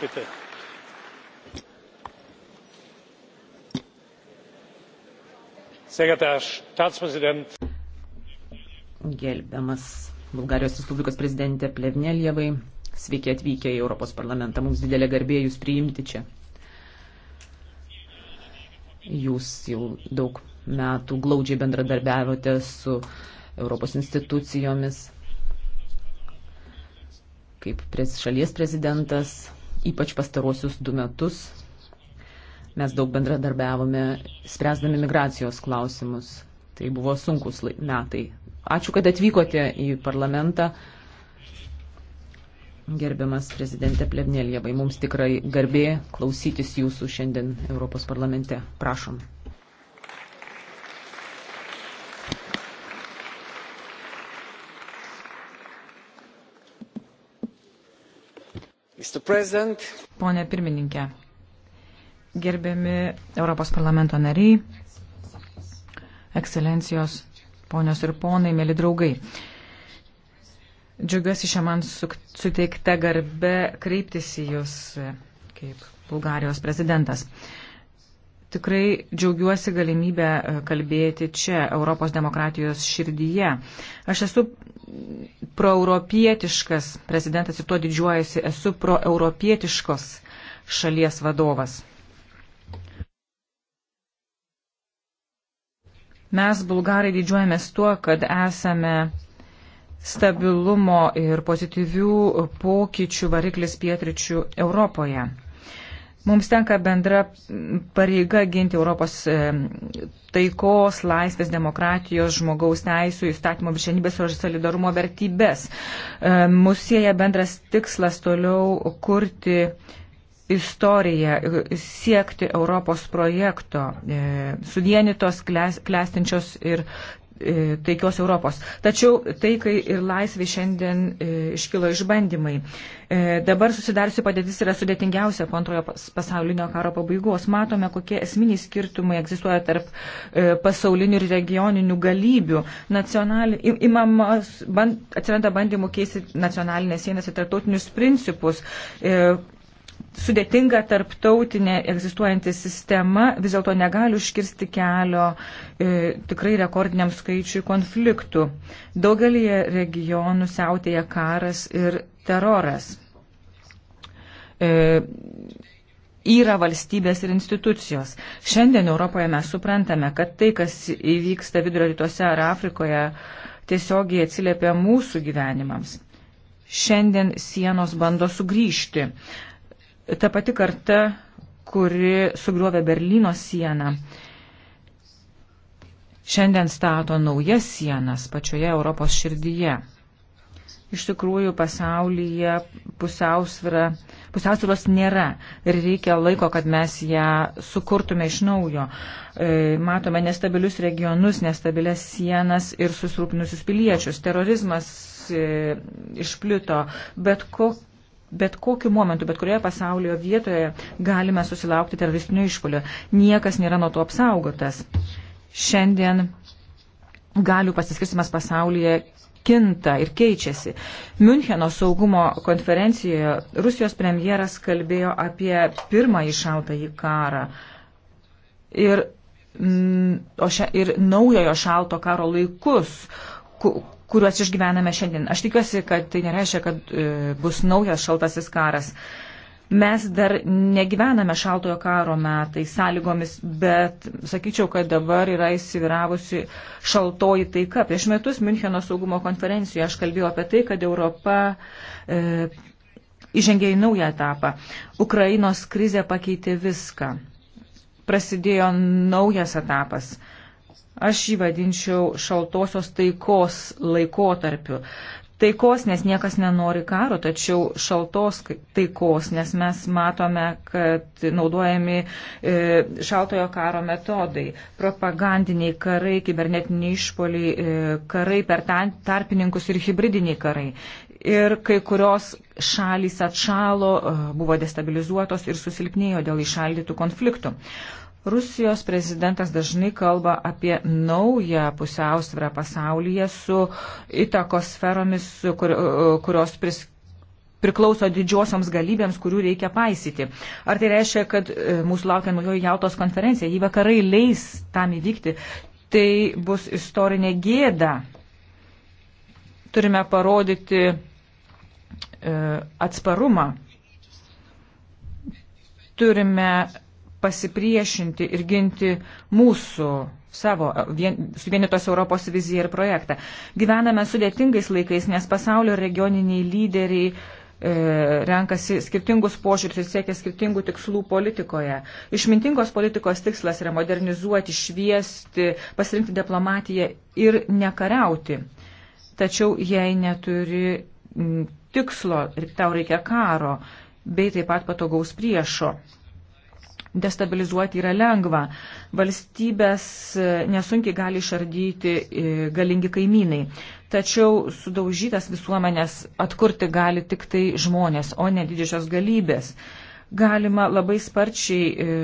bitte. sehr geehrter herr staatspräsident gerbiamas bulgarijos respublikos prezidente plevneljevai sveiki atvykę į europos parlamentą mums didelė garbė jūs priimti čia jūs jau daug metų glaudžiai bendradarbiavote su europos institucijomis kaip šalies prezidentas ypač pastaruosius du metus mes daug bendradarbiavome, spręsdami migracijos klausimus. Tai buvo sunkus metai. Ačiū, kad atvykote į parlamentą. Gerbiamas prezidentė Plevnelievai, mums tikrai garbė klausytis jūsų šiandien Europos parlamente. Prašom. Pone pirmininkė, gerbiami Europos parlamento nariai, ekscelencijos, ponios ir ponai, mėly draugai. Džiugiuosi šią man suteikta garbe kreiptis į Jūs kaip Bulgarijos prezidentas. Tikrai džiaugiuosi galimybę e, kalbėti čia, Europos demokratijos širdyje. Aš esu proeuropietiškas prezidentas ir tuo didžiuojasi, esu proeuropietiškos šalies vadovas. Mes, bulgarai, didžiuojamės tuo, kad esame stabilumo ir pozityvių pokyčių variklis pietričių Europoje. Mums tenka bendra pareiga ginti Europos e, taikos, laisvės, demokratijos, žmogaus teisų, įstatymo viršenybės ir solidarumo vertybės. E, Mūsų sieja bendras tikslas toliau kurti istoriją, siekti Europos projekto, e, suvienytos, klestinčios ir E, taikios Europos. Tačiau taikai ir laisvė šiandien e, iškilo išbandymai. E, dabar susidariusi padėtis yra sudėtingiausia po antrojo pasaulinio karo pabaigos. Matome, kokie esminiai skirtumai egzistuoja tarp pasaulinių ir regioninių galybių. Nacionali, imamas, band, atsiranda bandymų keisti nacionalinės sienas ir tarptautinius principus sudėtinga tarptautinė egzistuojanti sistema vis dėlto negali užkirsti kelio e, tikrai rekordiniam skaičiui konfliktų. Daugelį regionų siautėja karas ir teroras. E, yra valstybės ir institucijos. Šiandien Europoje mes suprantame, kad tai, kas įvyksta vidurio rytuose ar Afrikoje, tiesiogiai atsiliepia mūsų gyvenimams. Šiandien sienos bando sugrįžti ta pati karta, kuri sugriovė Berlyno sieną. Šiandien stato naujas sienas pačioje Europos širdyje. Iš tikrųjų, pasaulyje pusiausvėros nėra ir reikia laiko, kad mes ją sukurtume iš naujo. E, matome nestabilius regionus, nestabilias sienas ir susirūpinusius piliečius. Terorizmas e, išplito, bet kokia bet kokiu momentu, bet kurioje pasaulio vietoje galime susilaukti teroristinio išpolio. Niekas nėra nuo to apsaugotas. Šiandien galių pasiskirstimas pasaulyje kinta ir keičiasi. Müncheno saugumo konferencijoje Rusijos premjeras kalbėjo apie pirmąjį šaltąjį karą. Ir, mm, o šia, ir naujojo šalto karo laikus, kuriuos išgyvename šiandien. Aš tikiuosi, kad tai nereiškia, kad e, bus naujas šaltasis karas. Mes dar negyvename šaltojo karo metai sąlygomis, bet sakyčiau, kad dabar yra įsiviravusi šaltoji taika. Prieš metus Müncheno saugumo konferencijoje aš kalbėjau apie tai, kad Europa e, įžengė į naują etapą. Ukrainos krizė pakeitė viską. Prasidėjo naujas etapas. E, Aš jį vadinčiau šaltosios taikos laikotarpiu. Taikos, nes niekas nenori karo, tačiau šaltos taikos, nes mes matome, kad naudojami e, šaltojo karo metodai, propagandiniai karai, kibernetiniai išpoliai, e, karai per tarpininkus ir hybridiniai karai ir kai kurios šalys atšalo, e, buvo destabilizuotos ir susilpnėjo dėl išaldytų konfliktų. Rusijos prezidentas dažnai kalba apie naują pusiausvyrą pasaulyje su įtakos sferomis, kur, kurios pris, priklauso didžiosioms galybėms, kurių reikia paisyti. Ar tai reiškia, kad e, mūsų laukia naujoji jautos konferencija, jei vakarai leis tam įvykti, tai bus istorinė gėda. Turime parodyti e, atsparumą. Turime pasipriešinti ir ginti mūsų savo vien, suvienytos Europos viziją ir projektą. Gyvename sudėtingais laikais, nes pasaulio regioniniai lyderiai e, renkasi skirtingus požiūrius ir siekia skirtingų tikslų politikoje. Išmintingos politikos tikslas yra modernizuoti, šviesti, pasirinkti diplomatiją ir nekariauti. Tačiau jei neturi tikslo ir tau reikia karo, bei taip pat patogaus priešo destabilizuoti yra lengva. Valstybės e, nesunkiai gali išardyti e, galingi kaimynai. Tačiau sudaužytas visuomenės atkurti gali tik tai žmonės, o ne didžiosios galybės. Galima labai sparčiai e,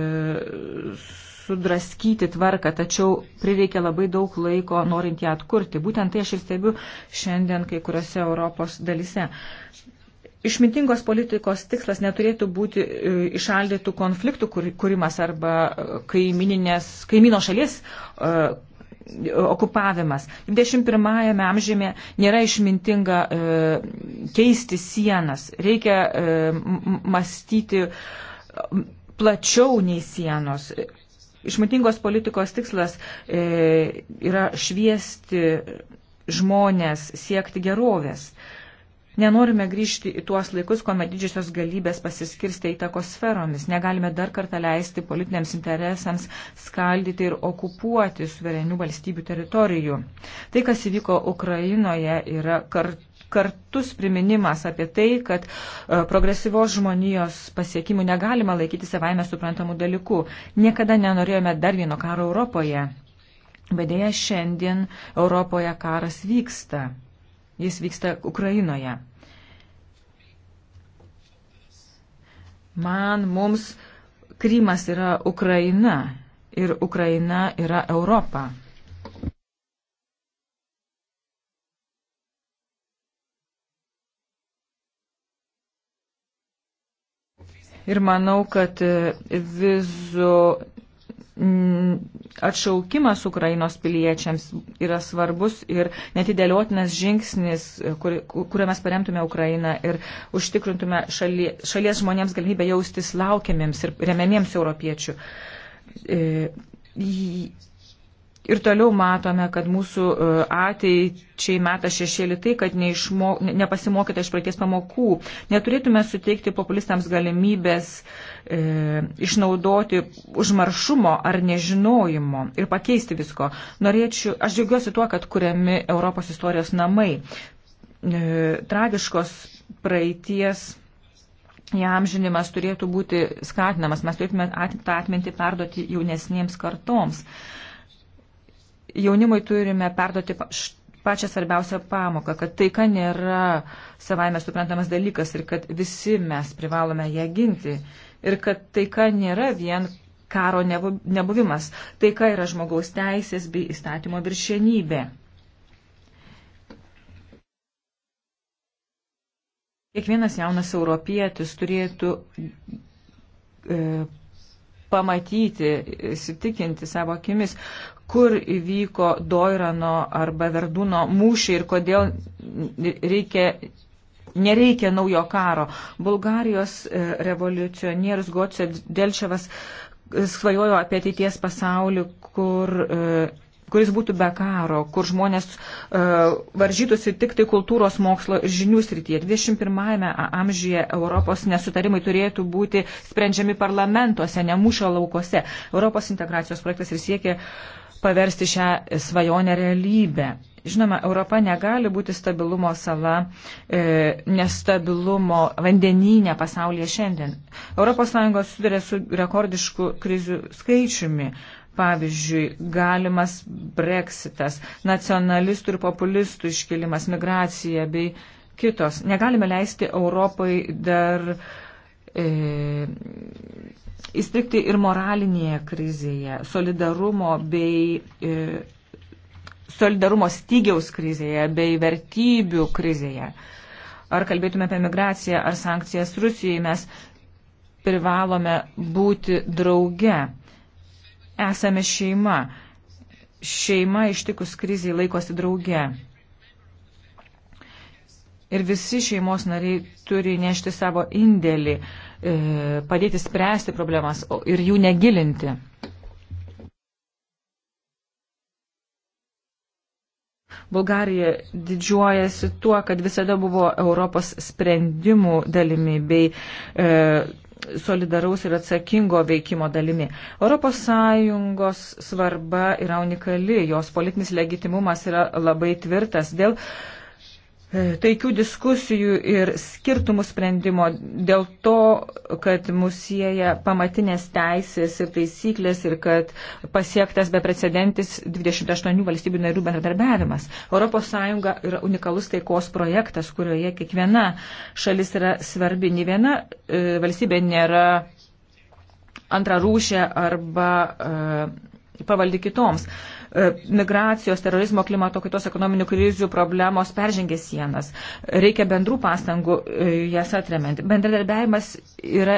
sudraskyti tvarką, tačiau prireikia labai daug laiko norint ją atkurti. Būtent tai aš ir stebiu šiandien kai kuriuose Europos dalise. Išmintingos politikos tikslas neturėtų būti išaldytų e, konfliktų kūrimas arba e, kaimino šalies uh, okupavimas. 21-ame amžiame nėra išmintinga uh, keisti sienas. Reikia uh, mąstyti plačiau nei sienos. Išmintingos politikos tikslas yra šviesti žmonės siekti gerovės. Nenorime grįžti į tuos laikus, kuomet didžiosios galybės pasiskirstė įtakos sferomis. Negalime dar kartą leisti politiniams interesams skaldyti ir okupuoti suverenių valstybių teritorijų. Tai, kas įvyko Ukrainoje, yra kartu kartus priminimas apie tai, kad e, progresyvos žmonijos pasiekimų negalima laikyti savaime suprantamų dalykų. Niekada nenorėjome dar vieno karo Europoje. Bet dėja šiandien Europoje karas vyksta. Jis vyksta Ukrainoje. Man, mums Krymas yra Ukraina ir Ukraina yra Europa. Ir manau, kad vizų atšaukimas Ukrainos piliečiams yra svarbus ir netidėliotinas žingsnis, kur, kuriuo mes paremtume Ukrainą ir užtikrintume šalie, šalies žmonėms galimybę jaustis laukiamiems ir remiamiems europiečių. E, ir toliau matome, kad mūsų e, ateičiai meta šešėlį tai, kad neišmo, nepasimokėte iš praeities pamokų. Neturėtume suteikti populistams galimybės e, išnaudoti užmaršumo ar nežinojimo ir pakeisti visko. Norėčiau, aš džiaugiuosi tuo, kad kuriami Europos istorijos namai. E, tragiškos praeities įamžinimas turėtų būti skatinamas. Mes turėtume tą atmintį perduoti jaunesniems kartoms. E, jaunimui turime perduoti pačią svarbiausią pamoką, kad taika nėra savaime suprantamas dalykas ir kad visi mes privalome ją ginti. Ir kad taika nėra vien karo nebuvimas. Taika yra žmogaus teisės bei įstatymo viršienybė. Kiekvienas jaunas europietis turėtų e, pamatyti, įsitikinti savo akimis, kur įvyko Doirano arba Verdūno mūšiai ir kodėl reikia nereikia naujo karo. Bulgarijos e, revoliucionierius Goce Delčevas e, svajojo apie ateities pasaulį, kur, e, kuris būtų be karo, kur žmonės varžytųsi tik tai kultūros mokslo ir žinių srityje. 21-ame amžiuje Europos nesutarimai turėtų būti sprendžiami parlamentuose, ne mūšio laukose. Europos integracijos projektas ir siekia paversti šią svajonę realybę. Žinoma, Europa negali būti stabilumo sala, e, nestabilumo vandenynė pasaulyje šiandien. ES susiduria su rekordišku krizių skaičiumi. Pavyzdžiui, galimas breksitas, nacionalistų ir populistų iškilimas, migracija bei kitos. Negalime leisti Europai dar e, įstrikti ir moralinėje krizėje, solidarumo bei e, solidarumo stygiaus krizėje, bei vertybių krizėje. Ar kalbėtume apie migraciją ar sankcijas Rusijai, mes privalome būti drauge. Esame šeima. Šeima ištikus kriziai laikosi drauge. Ir visi šeimos nariai turi nešti savo indėlį. Uh, E, padėti spręsti problemas ir jų negilinti. Bulgarija didžiuojasi tuo, kad visada buvo Europos sprendimų dalimi bei e, solidaraus ir atsakingo veikimo dalimi. ES svarba yra unikali, jos politinis legitimumas yra labai tvirtas dėl e, E, taikių diskusijų ir skirtumų sprendimo dėl to, kad musieja pamatinės teisės ir taisyklės ir kad pasiektas beprecedentis 28 valstybių narių bendradarbiavimas. ES yra unikalus taikos projektas, kurioje kiekviena šalis yra svarbi. Nė viena e, valstybė nėra antrarūšė arba e, pavaldi kitoms. E, migracijos, terorizmo, klimato kaitos, ekonominių krizių problemos peržengė sienas. Reikia bendrų pastangų e, jas atremiant. Bendradarbiavimas yra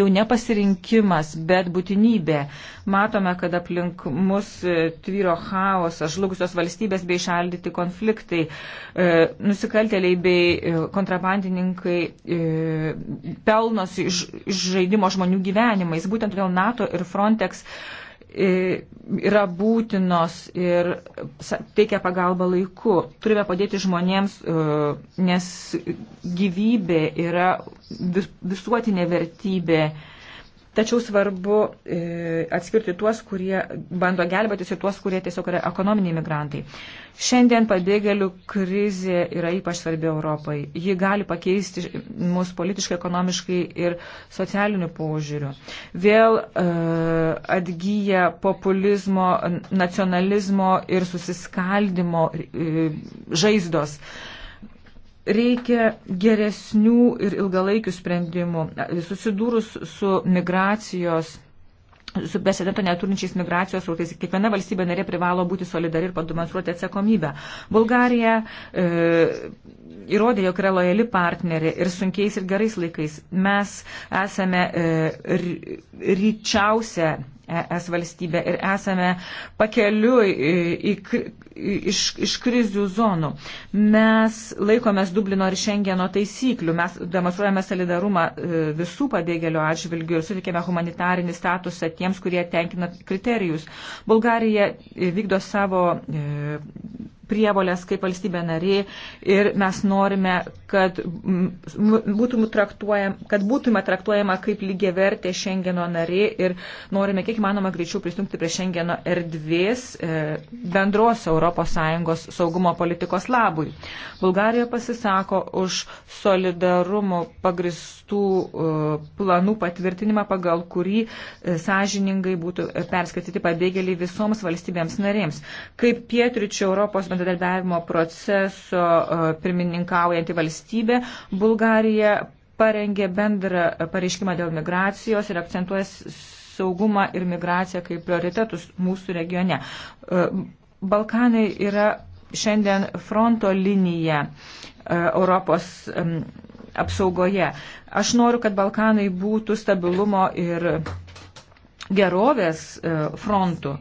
jau ne pasirinkimas, bet būtinybė. Matome, kad aplink mus e, tvyro chaosas, žlugusios valstybės bei šaldyti konfliktai, e, nusikalteliai bei kontrabandininkai pelnosi iš žaidimo žmonių gyvenimais. Būtent todėl NATO ir Frontex uh, yra būtinos ir teikia pagalbą laiku. Turime padėti žmonėms, e, nes gyvybė yra visuotinė vertybė Tačiau svarbu e, atskirti tuos, kurie bando gelbėtis ir tuos, kurie tiesiog yra ekonominiai migrantai. Šiandien pabėgėlių krizė yra ypač svarbi Europai. Ji gali pakeisti mus politiškai, ekonomiškai ir socialiniu požiūriu. Vėl e, atgyja populizmo, nacionalizmo ir susiskaldimo e, žaizdos. E, reikia geresnių ir ilgalaikių sprendimų. Susidūrus su migracijos su besidento neturinčiais migracijos rautais. Kiekviena valstybė narė privalo būti solidari ir pademonstruoti atsakomybę. Bulgarija e, įrodė, jog yra lojali partnerė ir sunkiais ir gerais laikais. Mes esame e, ryčiausia ES valstybė ir esame pakeliui į, į, iš, iš krizių zonų. Mes laikomės Dublino ir Šengeno taisyklių, mes demonstruojame solidarumą e, visų pabėgėlių atžvilgių ir sutikėme humanitarinį statusą tiems, kurie tenkina kriterijus. Bulgarija e, vykdo savo e, prievolės kaip valstybė narė ir mes norime, kad, būtum traktuojam, kad būtume traktuojama kaip lygiai vertė Šengeno narė ir norime kiek įmanoma greičiau prisijungti prie Šengeno erdvės e, bendros ES saugumo politikos labui. Bulgarija pasisako už solidarumo pagristų e, planų patvirtinimą, pagal kurį e, sąžiningai būtų perskirtyti pabėgėliai visoms valstybėms narėms. Kaip pietričio Europos bendradarbiavimo proceso e, pirmininkaujanti valstybė, Bulgarija parengė bendrą pareiškimą dėl migracijos ir akcentuoja saugumą ir migraciją kaip prioritetus mūsų regione. E, Balkanai yra šiandien fronto linija e, Europos apsaugoje. Aš noriu, kad Balkanai būtų stabilumo ir gerovės frontų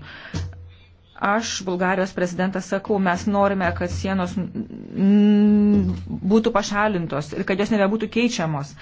aš, Bulgarijos prezidentas, sakau, mes norime, kad sienos būtų pašalintos ir kad jos nebebūtų keičiamos.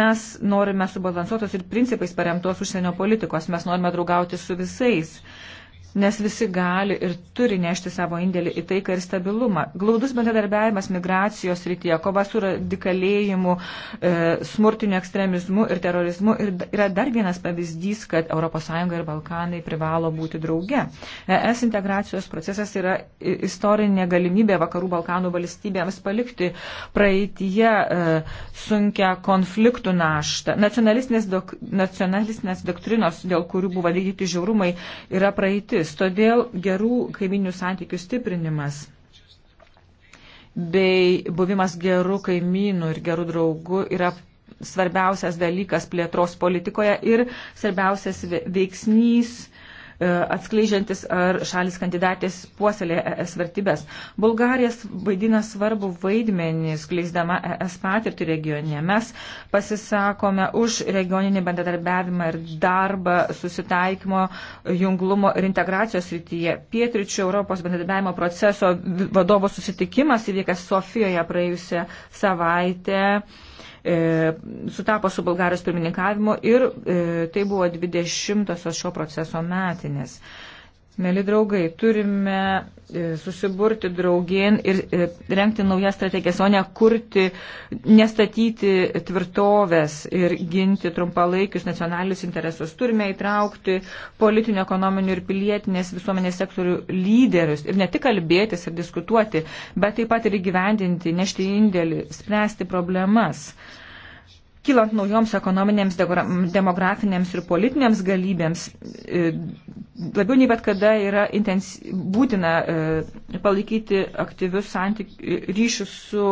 Mes norime subalansuotos ir principais paremtos užsienio politikos, mes norime draugauti su visais. Uh, nes visi gali ir turi nešti savo indėlį į taiką ir stabilumą. Glaudus bendradarbiavimas migracijos rytyje, kova su radikalėjimu, e, smurtiniu ekstremizmu ir terorizmu ir yra dar vienas pavyzdys, kad ES ir Balkanai privalo būti drauge. ES integracijos procesas yra istorinė galimybė Vakarų Balkanų valstybėms palikti praeitie e, sunkia konfliktų naštą. Nacionalistinės, dok, nacionalistinės doktrinos, dėl kurių buvo vykdyti žiaurumai, yra praeitis šalis. Todėl gerų kaiminių santykių stiprinimas bei buvimas gerų kaimynų ir gerų draugų yra svarbiausias dalykas plėtros politikoje ir svarbiausias veiksnys E, atskleidžiantis, ar šalis kandidatės puoselė ES vertybės. Bulgarijas vaidina svarbu vaidmenį, skleisdama ES patirtį regione. Mes pasisakome už regioninį bendradarbiavimą ir darbą susitaikymo, junglumo ir integracijos rytyje. Pietričių Europos bendradarbiavimo proceso vadovo susitikimas įvykęs Sofijoje praėjusią savaitę. E, sutapo su Bulgarijos pirmininkavimu ir e, tai buvo 20-osios šio proceso metinės. Mėly draugai, turime e, susiburti draugien ir e, renkti naujas strategijas, o ne kurti, nestatyti tvirtovės ir ginti trumpalaikius nacionalinius interesus. Turime įtraukti politinių, ekonominių ir pilietinės visuomenės sektorių lyderius ir ne tik kalbėtis ir diskutuoti, bet taip pat ir įgyvendinti, nešti indėlį, spręsti problemas. Uh, Kylant naujoms ekonominėms, demografinėms ir politinėms galybėms, e, labiau nei bet kada yra intensi... būtina e, palaikyti aktyvius santyk... ryšius su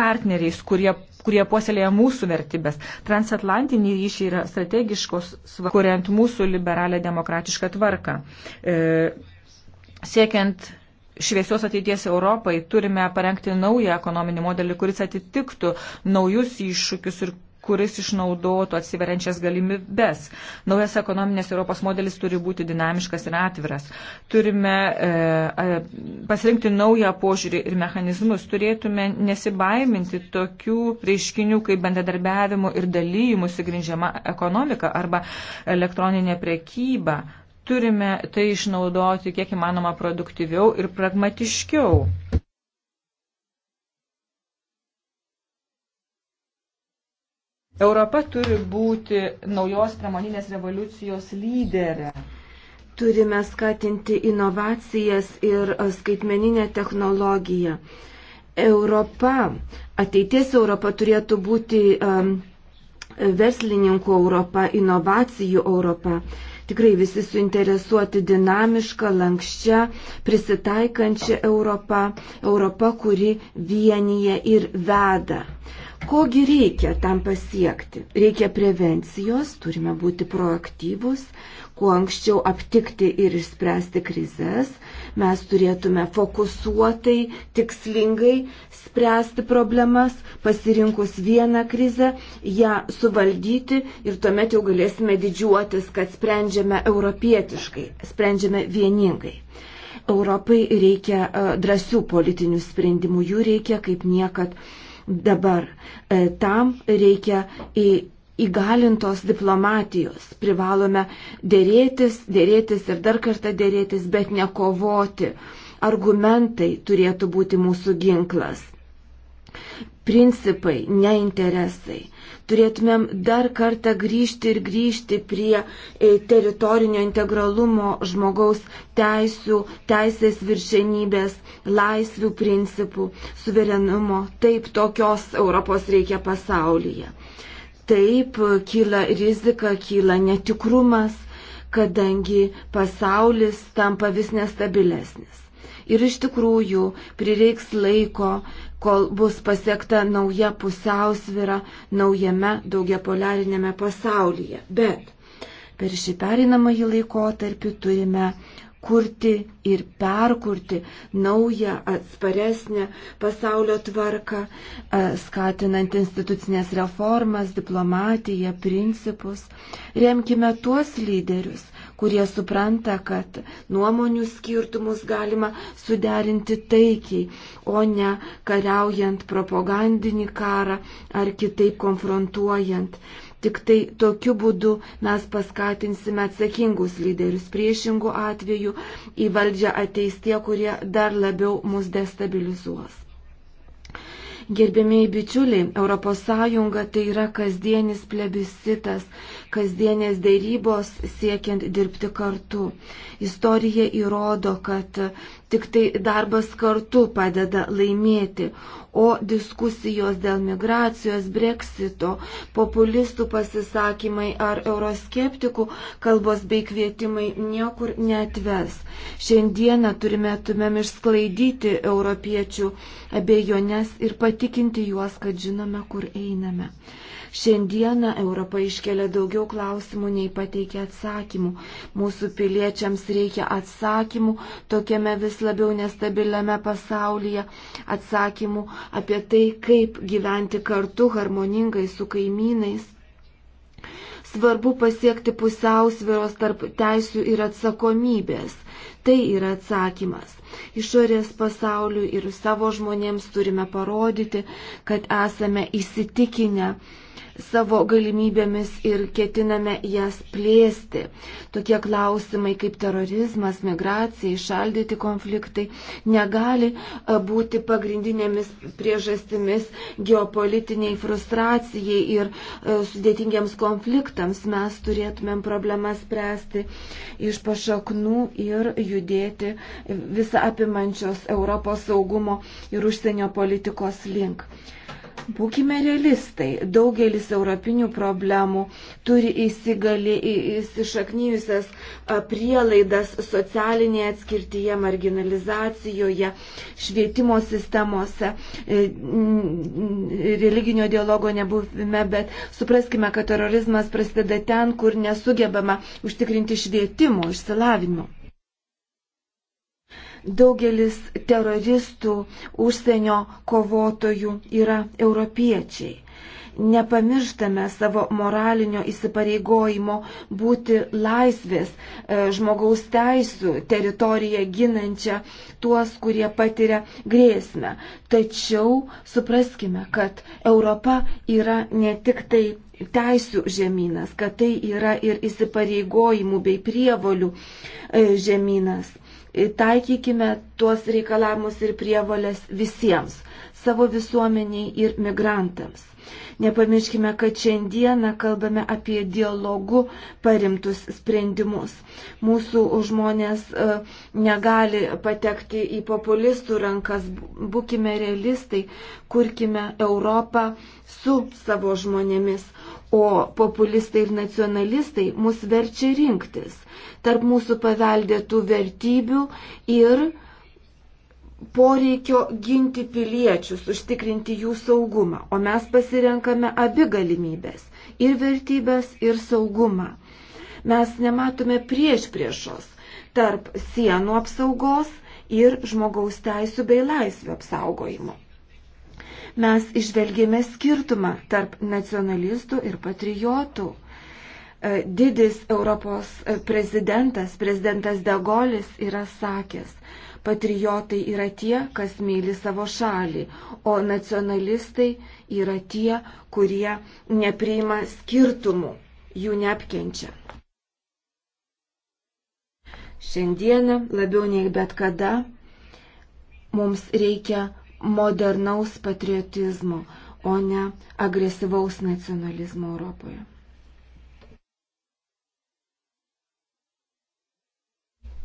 partneriais, kurie, kurie puoselėja mūsų vertybės. Transatlantiniai ryšiai yra strategiškos, kuriant mūsų liberalę demokratišką tvarką. E, siekiant šviesios ateities Europai turime parengti naują ekonominį modelį, kuris atitiktų naujus iššūkius ir kuris išnaudotų atsiveriančias galimybes. Naujas ekonominės Europos modelis turi būti dinamiškas ir atviras. Turime e, pasirinkti naują požiūrį ir mechanizmus. Turėtume nesibaiminti tokių reiškinių kaip bendradarbiavimo ir dalymų sigrindžiama ekonomika arba elektroninė prekyba. Turime tai išnaudoti kiek įmanoma produktyviau ir pragmatiškiau. Europa turi būti naujos pramoninės revoliucijos lyderė. Turime skatinti inovacijas ir e, skaitmeninę technologiją. Europa, ateities Europa turėtų būti um, verslininkų Europa, inovacijų Europa. Tikrai visi suinteresuoti dinamišką, lankščią, prisitaikančią Europą, Europą, kuri vienyje ir veda. Kogi reikia tam pasiekti? Reikia prevencijos, turime būti proaktyvus, kuo anksčiau aptikti ir išspręsti krizės. Mes turėtume fokusuotai, tikslingai spręsti problemas, pasirinkus vieną krizę, ją suvaldyti ir tuomet jau galėsime didžiuotis, kad sprendžiame europietiškai, sprendžiame vieningai. Europai reikia e, drąsių politinių sprendimų, jų reikia kaip niekad dabar. E, tam reikia į įgalintos diplomatijos. Privalome dėrėtis, dėrėtis ir dar kartą dėrėtis, bet nekovoti. Argumentai turėtų būti mūsų ginklas principai, ne interesai. Turėtumėm dar kartą grįžti ir grįžti prie e, teritorinio integralumo žmogaus teisų, teisės viršenybės, laisvių principų, suverenumo. Taip tokios Europos reikia pasaulyje. Taip kyla rizika, kyla netikrumas, kadangi pasaulis tampa vis nestabilesnis. Ir iš tikrųjų prireiks laiko, kol bus pasiekta nauja pusiausvyra naujame daugiapolarinėme pasaulyje. Bet per šį pereinamąjį laikotarpį turime kurti ir perkurti naują atsparesnę pasaulio tvarką, e, skatinant institucinės reformas, diplomatiją, principus. Remkime tuos lyderius, kurie supranta, kad nuomonių skirtumus galima suderinti taikiai, o ne kariaujant propagandinį karą ar kitaip konfrontuojant. Tik tai tokiu būdu mes paskatinsime atsakingus lyderius. Priešingų atveju į valdžią ateis tie, kurie dar labiau mus destabilizuos. Gerbėmiai bičiuliai, ES tai yra kasdienis plebiscitas kasdienės dėrybos siekiant dirbti kartu. Istorija įrodo, kad Tik tai darbas kartu padeda laimėti, o diskusijos dėl migracijos, breksito, populistų pasisakymai ar euroskeptikų kalbos bei kvietimai niekur netves. Šiandieną turime tumėm išsklaidyti europiečių abejonės ir patikinti juos, kad žinome, kur einame. Šiandieną Europa iškelia daugiau klausimų nei pateikia atsakymų. Mūsų piliečiams reikia atsakymų tokiame vis vis labiau nestabiliame pasaulyje, atsakymų apie tai, kaip gyventi kartu harmoningai su kaimynais. Svarbu pasiekti pusiausvėros tarp teisų ir atsakomybės. Tai yra atsakymas. Išorės pasauliu ir savo žmonėms turime parodyti, kad esame įsitikinę, savo galimybėmis ir ketiname jas plėsti. Tokie klausimai kaip terorizmas, migracija, išaldyti konfliktai negali e, būti pagrindinėmis priežastimis geopolitiniai frustracijai ir e, sudėtingiems konfliktams. Mes turėtumėm problemas spręsti iš pašaknų ir judėti visą apimančios Europos saugumo ir užsienio politikos link. Būkime realistai, daugelis europinių problemų turi įsigali, įsišaknyjusias prielaidas socialinėje atskirtyje, marginalizacijoje, švietimo sistemose, e, religinio dialogo nebuvime, bet supraskime, kad terorizmas prasideda ten, kur nesugebama užtikrinti švietimo, išsilavinimo. Daugelis teroristų užsienio kovotojų yra europiečiai. Nepamirštame savo moralinio įsipareigojimo būti laisvės, e, žmogaus teisų teritoriją ginančią tuos, kurie patiria grėsmę. Tačiau supraskime, kad Europa yra ne tik tai teisų žemynas, kad tai yra ir įsipareigojimų bei prievolių e, žemynas taikykime tuos reikalavimus ir prievolės visiems - savo visuomeniai ir migrantams. Nepamirškime, kad šiandieną kalbame apie dialogų parimtus sprendimus. Mūsų žmonės e, negali patekti į populistų rankas. Būkime realistai, kurkime Europą su savo žmonėmis, O populistai ir nacionalistai mus verčia rinktis tarp mūsų paveldėtų vertybių ir poreikio ginti piliečius, užtikrinti jų saugumą. O mes pasirenkame abi galimybės - ir vertybės, ir saugumą. Mes nematome prieš priešos tarp sienų apsaugos ir žmogaus teisų bei laisvių apsaugojimo mes išvelgėme skirtumą tarp nacionalistų ir patriotų. E, didis Europos e, prezidentas, prezidentas Dagolis yra sakęs, patriotai yra tie, kas myli savo šalį, o nacionalistai yra tie, kurie nepriima skirtumų, jų neapkenčia. Šiandieną labiau nei bet kada mums reikia modernaus patriotizmo, o ne agresyvaus nacionalizmo Europoje.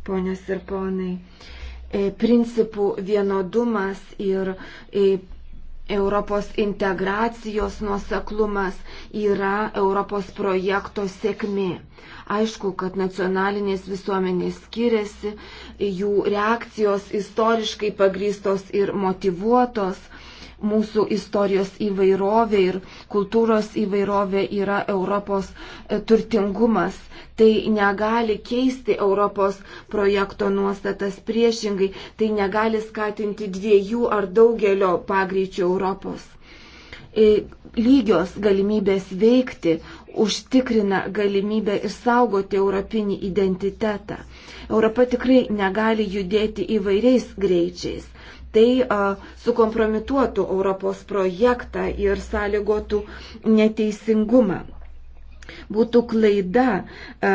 Ponios ir ponai, e, principų vienodumas ir e, Europos integracijos nuoseklumas yra Europos projekto sėkmė. Aišku, kad nacionalinės visuomenės skiriasi, jų reakcijos istoriškai pagrystos ir motivuotos, mūsų istorijos įvairovė ir kultūros įvairovė yra Europos e, turtingumas. Tai negali keisti Europos projekto nuostatas priešingai, tai negali skatinti dviejų ar daugelio pagreičių Europos. E, lygios galimybės veikti užtikrina galimybę išsaugoti europinį identitetą. Europa tikrai negali judėti įvairiais greičiais tai a, sukompromituotų Europos projektą ir sąlygotų neteisingumą. Būtų klaida a,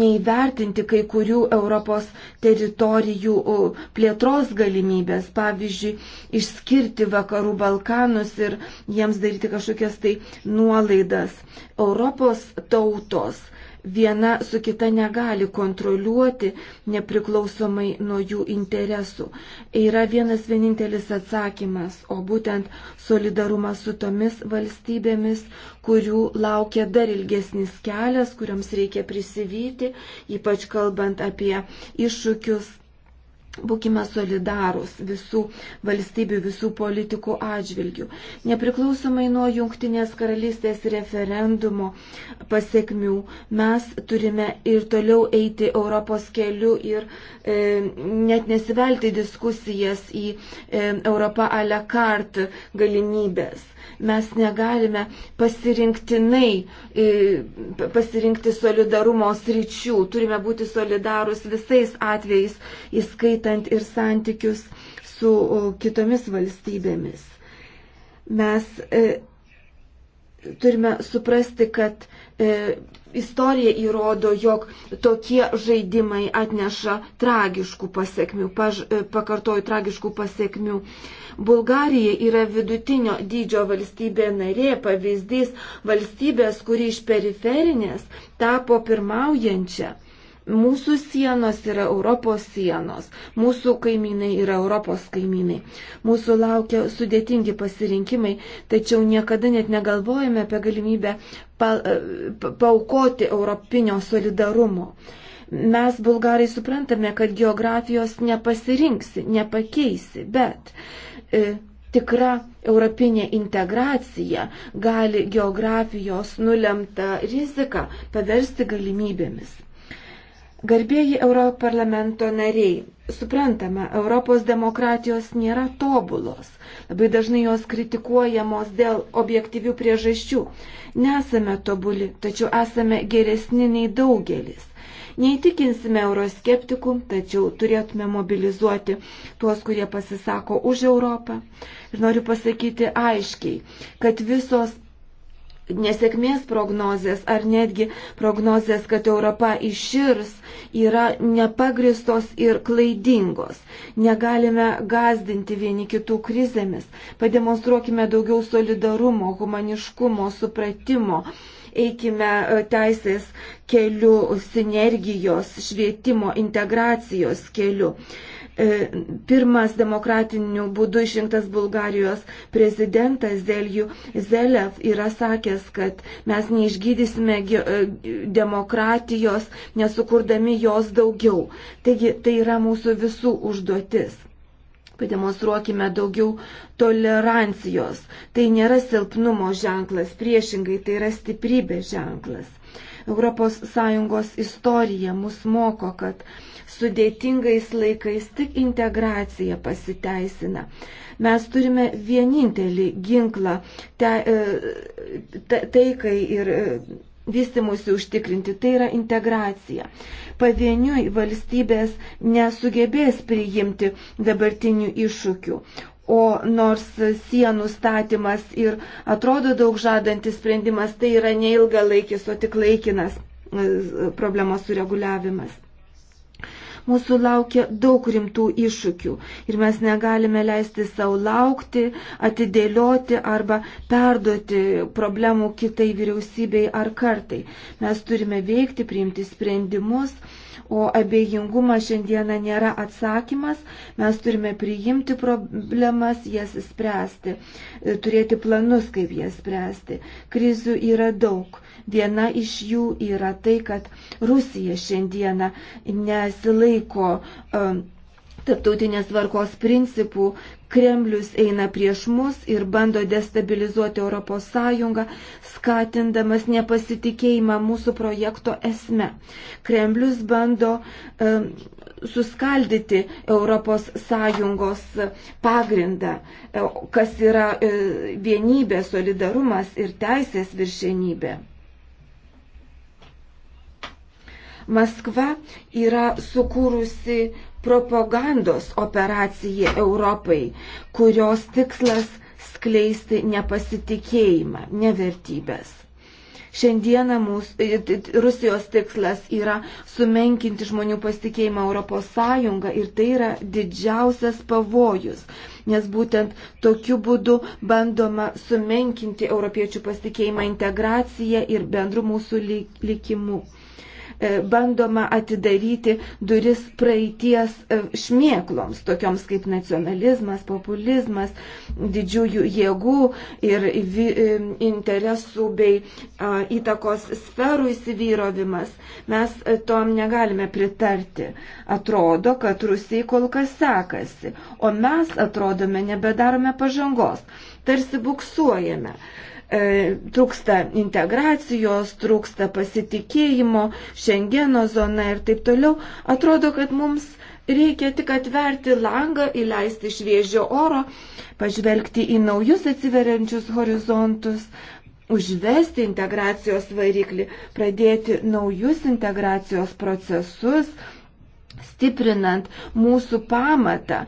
neįvertinti kai kurių Europos teritorijų plėtros galimybės, pavyzdžiui, išskirti vakarų Balkanus ir jiems daryti kažkokias tai nuolaidas. Europos tautos viena su kita negali kontroliuoti nepriklausomai nuo jų interesų. Yra vienas vienintelis atsakymas, o būtent solidarumas su tomis valstybėmis, kurių laukia dar ilgesnis kelias, kuriams reikia prisivyti, ypač kalbant apie iššūkius Būkime solidarūs visų valstybių, visų politikų atžvilgių. Nepriklausomai nuo jungtinės karalystės referendumo pasiekmių, mes turime ir toliau eiti Europos keliu ir e, net nesivelti diskusijas į e, Europą ale kart galimybės. Mes negalime pasirinktinai e, pasirinkti solidarumo sričių. Turime būti solidarus visais atvejais, įskaitant ir santykius su kitomis valstybėmis. Mes e, turime suprasti, kad e, istorija įrodo, jog tokie žaidimai atneša tragiškų pasiekmių, paž, e, pakartoju, tragiškų pasiekmių. Bulgarija yra vidutinio dydžio valstybė narė, pavyzdys valstybės, kuri iš periferinės tapo pirmaujančia. Mūsų sienos yra Europos sienos, mūsų kaimynai yra Europos kaimynai. Mūsų laukia sudėtingi pasirinkimai, tačiau niekada net negalvojame apie galimybę pa, e, pa, paukoti europinio solidarumo. Mes, bulgarai, suprantame, kad geografijos nepasirinksi, nepakeisi, bet e, tikra europinė integracija gali geografijos nulemtą riziką paversti galimybėmis. Garbėjai Europarlamento nariai, suprantama, Europos demokratijos nėra tobulos. Labai dažnai jos kritikuojamos dėl objektyvių priežasčių. Nesame tobuli, tačiau esame geresni nei daugelis. Neįtikinsime euroskeptikų, tačiau turėtume mobilizuoti tuos, kurie pasisako už Europą. Ir noriu pasakyti aiškiai, kad visos nesėkmės prognozės ar netgi prognozės, kad Europa iširs, yra nepagristos ir klaidingos. Negalime gazdinti vieni kitų krizėmis. Pademonstruokime daugiau solidarumo, humaniškumo, supratimo. Eikime e, teisės keliu, sinergijos, švietimo, integracijos keliu. E, pirmas demokratiniu būdu išrinktas Bulgarijos prezidentas Zelijų Zelev yra sakęs, kad mes neišgydysime e, demokratijos, nesukurdami jos daugiau. Taigi tai yra mūsų visų užduotis. Pademonstruokime daugiau tolerancijos. Tai nėra silpnumo ženklas, priešingai tai yra stiprybės ženklas. ES istorija mus moko, kad sudėtingais laikais tik integracija pasiteisina. Mes turime vienintelį ginklą te, e, te, taikai ir e, vystimusi užtikrinti, tai yra integracija. Pavieniui valstybės nesugebės priimti dabartinių iššūkių, O nors sienų statymas ir atrodo daug žadantis sprendimas, tai yra neilgalaikis, o tik laikinas e, problemos sureguliavimas. Mūsų laukia daug rimtų iššūkių ir mes negalime leisti savo laukti, atidėlioti arba perduoti problemų kitai vyriausybei ar kartai. Mes turime veikti, priimti sprendimus. O abejingumas šiandieną nėra atsakymas, mes turime priimti problemas, jas spręsti, turėti planus, kaip jas spręsti. Krizių yra daug, Viena iš jų yra tai, kad Rusija šiandieną nesilaiko um, Taptautinės varkos principų Kremlius eina prieš mus ir bando destabilizuoti ES, skatindamas nepasitikėjimą mūsų projekto esme. Kremlius bando um, suskaldyti ES pagrindą, kas yra e, vienybė, solidarumas ir teisės viršenybė. Maskva yra sukūrusi propagandos operaciją Europai, kurios tikslas skleisti nepasitikėjimą, nevertybės. Šiandieną mūsų, e, Rusijos tikslas yra sumenkinti žmonių pasitikėjimą Europos Sąjungą ir tai yra didžiausias pavojus, nes būtent tokiu būdu bandoma sumenkinti europiečių pasitikėjimą integraciją ir bendru mūsų likimu. Lyg, E, bandoma atidaryti duris praeities e, šmėkloms, tokioms kaip nacionalizmas, populizmas, didžiųjų jėgų ir e, interesų bei įtakos sferų įsivyrovimas. Mes tom negalime pritarti. Atrodo, kad Rusijai kol kas sekasi, o mes atrodome nebedarome pažangos, tarsi buksuojame. E, trūksta integracijos, trūksta pasitikėjimo, Šengeno zona ir taip toliau. Atrodo, kad mums reikia tik atverti langą, įleisti šviežio oro, pažvelgti į naujus atsiveriančius horizontus, užvesti integracijos variklį, pradėti naujus integracijos procesus, stiprinant mūsų pamatą,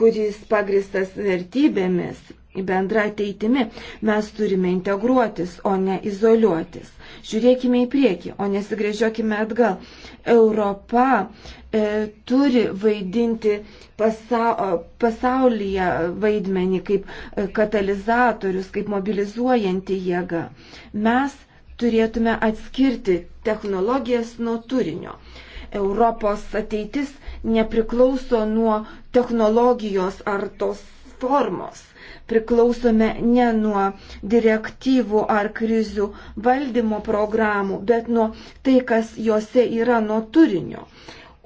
kuris pagristas vertybėmis, bendra ateitimi. Mes turime integruotis, o ne izoliuotis. Žiūrėkime į priekį, o nesigrėžiokime atgal. Europa e, turi vaidinti pasa pasaulyje vaidmenį kaip e, katalizatorius, kaip mobilizuojanti jėga. Mes turėtume atskirti technologijas nuo turinio. Europos ateitis nepriklauso nuo technologijos ar tos formos priklausome ne nuo direktyvų ar krizių valdymo programų, bet nuo tai, kas juose yra, nuo turinio.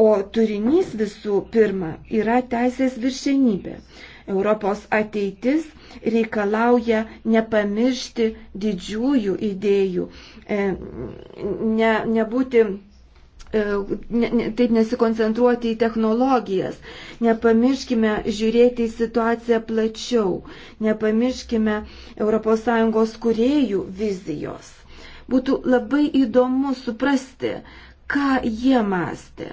O turinys visų pirma yra teisės viršenybė. Europos ateitis reikalauja nepamiršti didžiųjų idėjų, e, ne, nebūti E, taip nesikoncentruoti į technologijas. Nepamirškime žiūrėti į situaciją plačiau. Nepamirškime ES kuriejų vizijos. Būtų labai įdomu suprasti, ką jie mąstė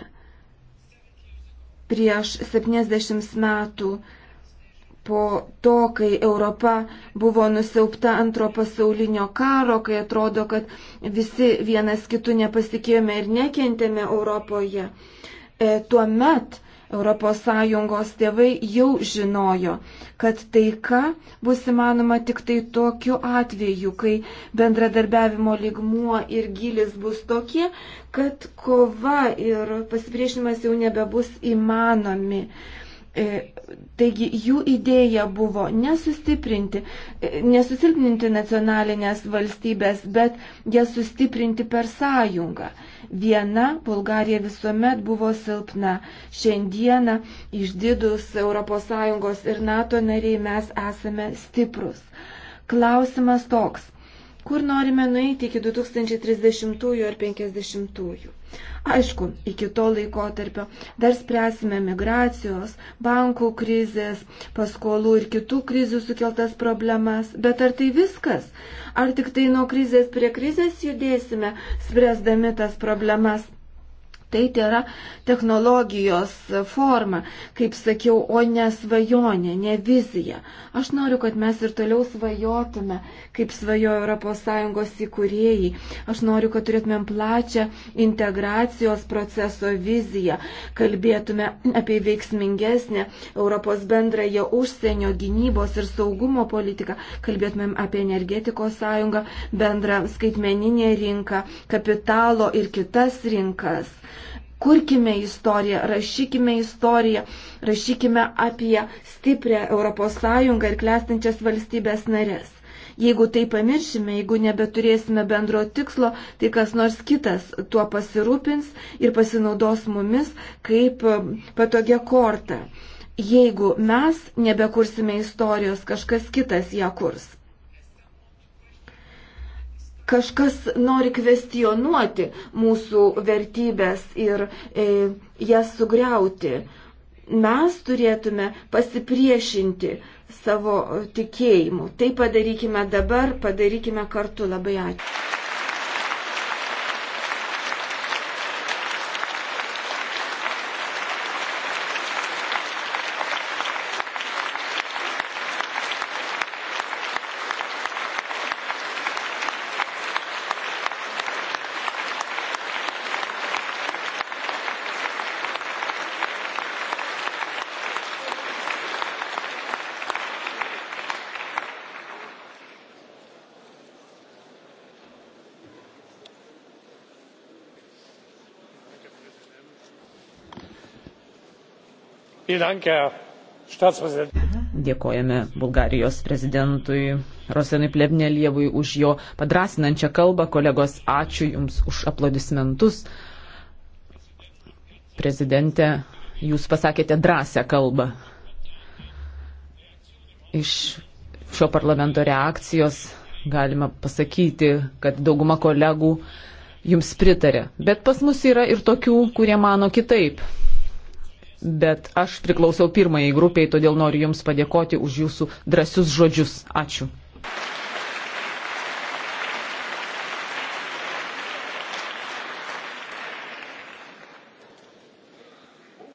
prieš 70 metų po to, kai Europa buvo nusiaupta antro pasaulinio karo, kai atrodo, kad visi vienas kitų nepasikėjome ir nekentėme Europoje, e, tuo met ES tėvai jau žinojo, kad taika bus įmanoma tik tai tokiu atveju, kai bendradarbiavimo ligmuo ir gilis bus tokie, kad kova ir pasipriešinimas jau nebebus įmanomi. E, E, taigi jų idėja buvo nesustiprinti, e, nesusilpninti nacionalinės valstybės, bet jas sustiprinti per sąjungą. Viena Bulgarija visuomet buvo silpna. Šiandieną išdidus ES ir NATO nariai mes esame stiprus. Klausimas toks. Kur norime nueiti iki 2030 ar 50? -ųjų? Aišku, iki to laiko tarpio dar spręsime migracijos, bankų krizės, paskolų ir kitų krizių sukeltas problemas, bet ar tai viskas? Ar tik tai nuo krizės prie krizės judėsime, spręsdami tas problemas? Tai yra technologijos forma, kaip sakiau, o ne svajonė, ne vizija. Aš noriu, kad mes ir toliau svajotume, kaip svajojo ES įkūrėjai. Aš noriu, kad turėtumėm plačią integracijos proceso viziją, kalbėtume apie veiksmingesnę Europos bendrąją užsienio gynybos ir saugumo politiką, kalbėtumėm apie energetikos sąjungą, bendrą skaitmeninę rinką, kapitalo ir kitas rinkas kurkime istoriją, rašykime istoriją, rašykime apie stiprią ES ir klestinčias valstybės narės. Jeigu tai pamiršime, jeigu nebeturėsime bendro tikslo, tai kas nors kitas tuo pasirūpins ir pasinaudos mumis kaip e, patogia kortą. Jeigu mes nebekursime istorijos, kažkas kitas ją kurs. Kažkas nori kvestionuoti mūsų vertybės ir e, jas sugriauti mes turėtume pasipriešinti savo tikėjimu. Tai padarykime dabar, padarykime kartu. Labai ačiū. Dėkojame Bulgarijos prezidentui Rosenui Plebnelievui už jo padrasinančią kalbą. Kolegos, ačiū Jums už aplodismentus. Prezidente, Jūs pasakėte drąsią kalbą. Iš šio parlamento reakcijos galima pasakyti, kad dauguma kolegų Jums pritarė. Bet pas mus yra ir tokių, kurie mano kitaip bet aš priklausau pirmajai grupiai, todėl noriu Jums padėkoti už Jūsų drąsius žodžius. Ačiū.